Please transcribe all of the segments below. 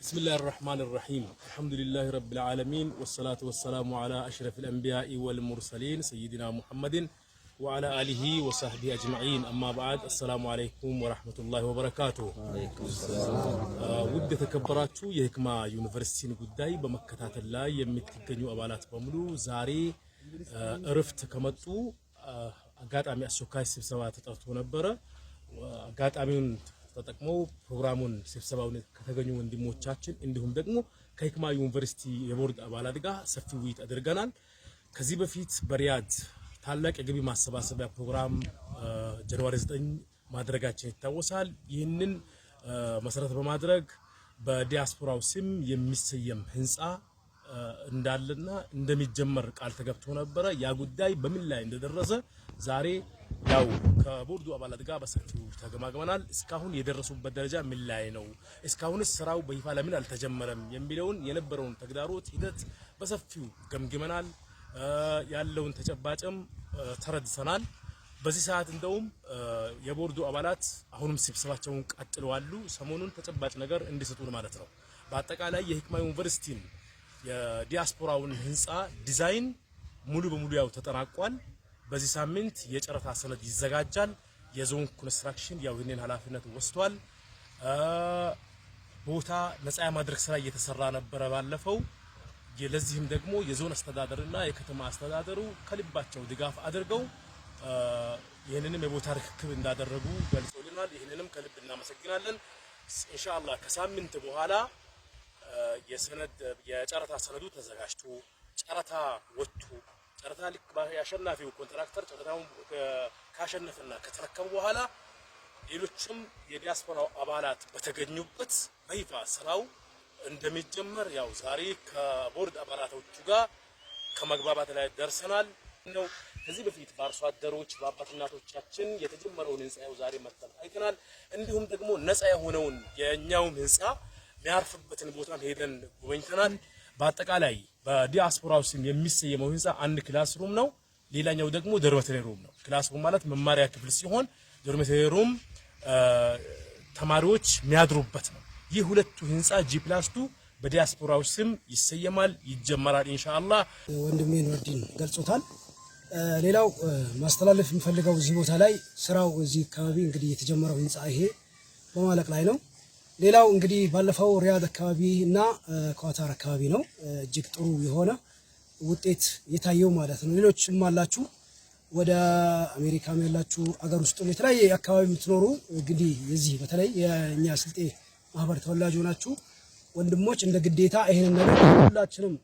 بسم الله الرحمن الرحيم الحمد لله رب العالمين والصلاة والسلام على أشرف الأنبياء والمرسلين سيدنا محمد وعلى آله وصحبه أجمعين أما بعد السلام عليكم ورحمة الله وبركاته ودي የተከበራችሁ يهكما ዩኒቨርሲቲን ጉዳይ በመከታተል ላይ የምትገኙ أبالات بملو زاري رفت كمتو አጋጣሚ አስቸኳይ ስብሰባ ተጠርቶ ነበረ። አጋጣሚውን ተጠቅመው ፕሮግራሙን ስብሰባውን ከተገኙ ወንድሞቻችን እንዲሁም ደግሞ ከሂክማ ዩኒቨርሲቲ የቦርድ አባላት ጋር ሰፊ ውይይት አድርገናል። ከዚህ በፊት በሪያድ ታላቅ የገቢ ማሰባሰቢያ ፕሮግራም ጀንዋሪ 9 ማድረጋችን ይታወሳል። ይህንን መሰረት በማድረግ በዲያስፖራው ስም የሚሰየም ህንፃ እንዳለና እንደሚጀመር ቃል ተገብቶ ነበረ። ያ ጉዳይ በምን ላይ እንደደረሰ ዛሬ ያው ከቦርዱ አባላት ጋር በሰፊው ተገማግመናል። እስካሁን የደረሱበት ደረጃ ምን ላይ ነው፣ እስካሁንስ ስራው በይፋ ለምን አልተጀመረም የሚለውን የነበረውን ተግዳሮት ሂደት በሰፊው ገምግመናል። ያለውን ተጨባጭም ተረድተናል። በዚህ ሰዓት እንደውም የቦርዱ አባላት አሁንም ስብሰባቸውን አሉ ሰሞኑን ተጨባጭ ነገር እንዲሰጡን ማለት ነው። በአጠቃላይ የሂክማ ዩኒቨርሲቲን የዲያስፖራውን ህንፃ ዲዛይን ሙሉ በሙሉ ያው ተጠናቋል። በዚህ ሳምንት የጨረታ ሰነድ ይዘጋጃል። የዞን ኮንስትራክሽን ያው ይህንን ኃላፊነት ወስቷል። ቦታ ነጻ የማድረግ ስራ እየተሰራ ነበረ ባለፈው። ለዚህም ደግሞ የዞን አስተዳደርና የከተማ አስተዳደሩ ከልባቸው ድጋፍ አድርገው ይህንንም የቦታ ርክክብ እንዳደረጉ ገልጾልናል። ይህንንም ከልብ እናመሰግናለን። ኢንሻአላህ ከሳምንት በኋላ የሰነድ የጨረታ ሰነዱ ተዘጋጅቶ ጨረታ ወጥቶ ጨረታ ልክ የአሸናፊው ኮንትራክተር ጨረታውን ካሸነፈና ከተረከቡ በኋላ ሌሎችም የዲያስፖራው አባላት በተገኙበት በይፋ ስራው እንደሚጀመር ያው ዛሬ ከቦርድ አባላቶቹ ጋር ከመግባባት ላይ ደርሰናል ነው። ከዚህ በፊት በአርሶ አደሮች በአባት እናቶቻችን የተጀመረውን ህንፃ ያው ዛሬ መጥተን አይተናል። እንዲሁም ደግሞ ነፃ የሆነውን የእኛውም ህንፃ የሚያርፍበትን ቦታ ሄደን ጎበኝተናል። በአጠቃላይ በዲያስፖራው ስም የሚሰየመው ህንፃ አንድ ክላስ ሩም ነው። ሌላኛው ደግሞ ዶርሜተሪ ሩም ነው። ክላስ ሩም ማለት መማሪያ ክፍል ሲሆን ዶርሜተሪ ሩም ተማሪዎች የሚያድሩበት ነው። ይህ ሁለቱ ህንፃ ጂ ፕላስ ቱ በዲያስፖራው ስም ይሰየማል፣ ይጀመራል። ኢንሻአላህ ወንድሜ ኑርዲን ገልጾታል። ሌላው ማስተላለፍ የሚፈልገው እዚህ ቦታ ላይ ስራው እዚህ አካባቢ እንግዲህ የተጀመረው ህንፃ ይሄ በማለቅ ላይ ነው። ሌላው እንግዲህ ባለፈው ሪያድ አካባቢ እና ኳታር አካባቢ ነው እጅግ ጥሩ የሆነ ውጤት የታየው ማለት ነው። ሌሎችም አላችሁ ወደ አሜሪካም ያላችሁ አገር ውስጥ የተለያየ አካባቢ የምትኖሩ እንግዲህ የዚህ በተለይ የእኛ ስልጤ ማህበር ተወላጅ ሆናችሁ ወንድሞች እንደ ግዴታ ይህንን ነገር ሁላችንም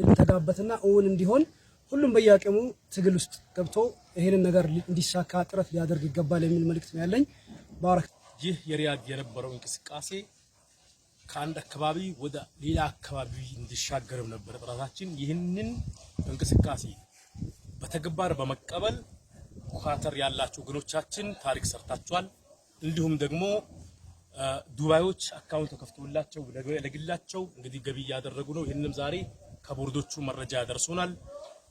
ልንተጋበትና እውን እንዲሆን ሁሉም በየአቅሙ ትግል ውስጥ ገብቶ ይህንን ነገር እንዲሳካ ጥረት ሊያደርግ ይገባል የሚል መልእክት ነው ያለኝ። ባረክ ይህ የሪያድ የነበረው እንቅስቃሴ ከአንድ አካባቢ ወደ ሌላ አካባቢ እንዲሻገርም ነበር ጥረታችን። ይህንን እንቅስቃሴ በተግባር በመቀበል ኳተር ያላችሁ ወገኖቻችን ታሪክ ሰርታችኋል። እንዲሁም ደግሞ ዱባዮች አካውንት ተከፍቶላቸው ለግላቸው እንግዲህ ገቢ እያደረጉ ነው። ይህንም ዛሬ ከቦርዶቹ መረጃ ያደርሶናል።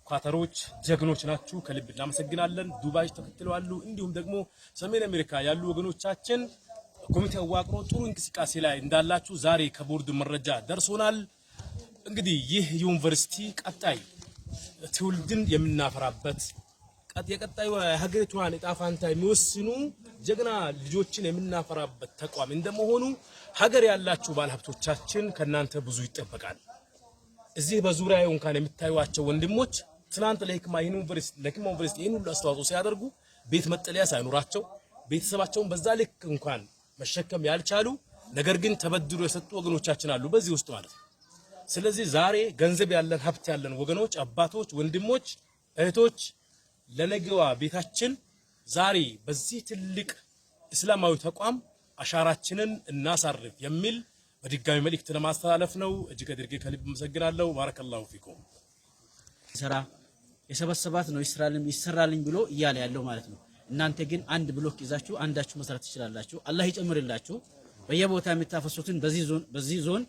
ኳተሮች ጀግኖች ናችሁ፣ ከልብ እናመሰግናለን። ዱባይ ተከትለዋሉ። እንዲሁም ደግሞ ሰሜን አሜሪካ ያሉ ወገኖቻችን ኮሚቴ አዋቅሮ ጥሩ እንቅስቃሴ ላይ እንዳላችሁ ዛሬ ከቦርድ መረጃ ደርሶናል። እንግዲህ ይህ ዩኒቨርሲቲ ቀጣይ ትውልድን የምናፈራበት የቀጣዩ ሀገሪቷን ዕጣ ፋንታ የሚወስኑ ጀግና ልጆችን የምናፈራበት ተቋም እንደመሆኑ ሀገር ያላችሁ ባለሀብቶቻችን ከእናንተ ብዙ ይጠበቃል። እዚህ በዙሪያው እንኳን የምታዩዋቸው ወንድሞች ትናንት ለህክማ ዩኒቨርሲቲ ለህክማ ዩኒቨርሲቲ ይህን ሁሉ አስተዋጽኦ ሲያደርጉ ቤት መጠለያ ሳይኖራቸው ቤተሰባቸውን በዛ ልክ እንኳን መሸከም ያልቻሉ ነገር ግን ተበድሮ የሰጡ ወገኖቻችን አሉ በዚህ ውስጥ ማለት ነው። ስለዚህ ዛሬ ገንዘብ ያለን ሀብት ያለን ወገኖች፣ አባቶች፣ ወንድሞች፣ እህቶች ለነገዋ ቤታችን ዛሬ በዚህ ትልቅ እስላማዊ ተቋም አሻራችንን እናሳርፍ የሚል በድጋሚ መልእክት ለማስተላለፍ ነው። እጅግ አድርጌ ከልብ አመሰግናለሁ። ባረከላሁ ፊኩም። የሰበሰባት ነው ይሰራልኝ ብሎ እያለ ያለው ማለት ነው። እናንተ ግን አንድ ብሎክ ይዛችሁ አንዳችሁ መስራት ትችላላችሁ። አላህ ይጨምርላችሁ። በየቦታ የምታፈሱትን በዚህ ዞን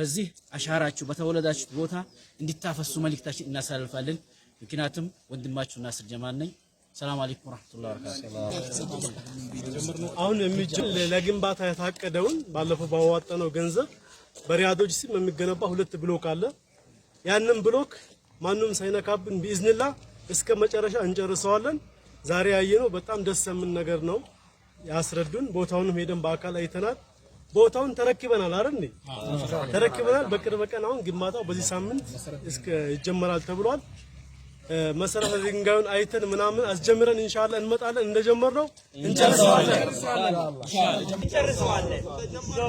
በዚህ አሻራችሁ በተወለዳችሁ ቦታ እንዲታፈሱ መልእክታችን እናሳልፋለን። ምክንያቱም ወንድማችሁ ናስር ጀማል ነኝ። ሰላም አለይኩም ወራህመቱላሂ ወበረካቱህ። አሁን ለግንባታ የታቀደውን ባለፈው ባዋጠነው ገንዘብ በሪያዶች ስም የሚገነባ ሁለት ብሎክ አለ። ያንን ብሎክ ማንም ሳይነካብን ቢዝንላ እስከ መጨረሻ እንጨርሰዋለን። ዛሬ ያየነው በጣም ደስ የምን ነገር ነው ያስረዱን። ቦታውንም ሄደን በአካል አይተናል። ቦታውን ተረክበናል አይደል? ተረክበናል። በቅርብ ቀን አሁን ግንባታው በዚህ ሳምንት እስከ ይጀመራል ተብሏል። መሰረተ ድንጋዩን አይተን ምናምን አስጀምረን ኢንሻአላህ እንመጣለን። እንደጀመርነው እንጨርሰዋለን። እንጨርሰዋለን። እንጨርሰዋለን።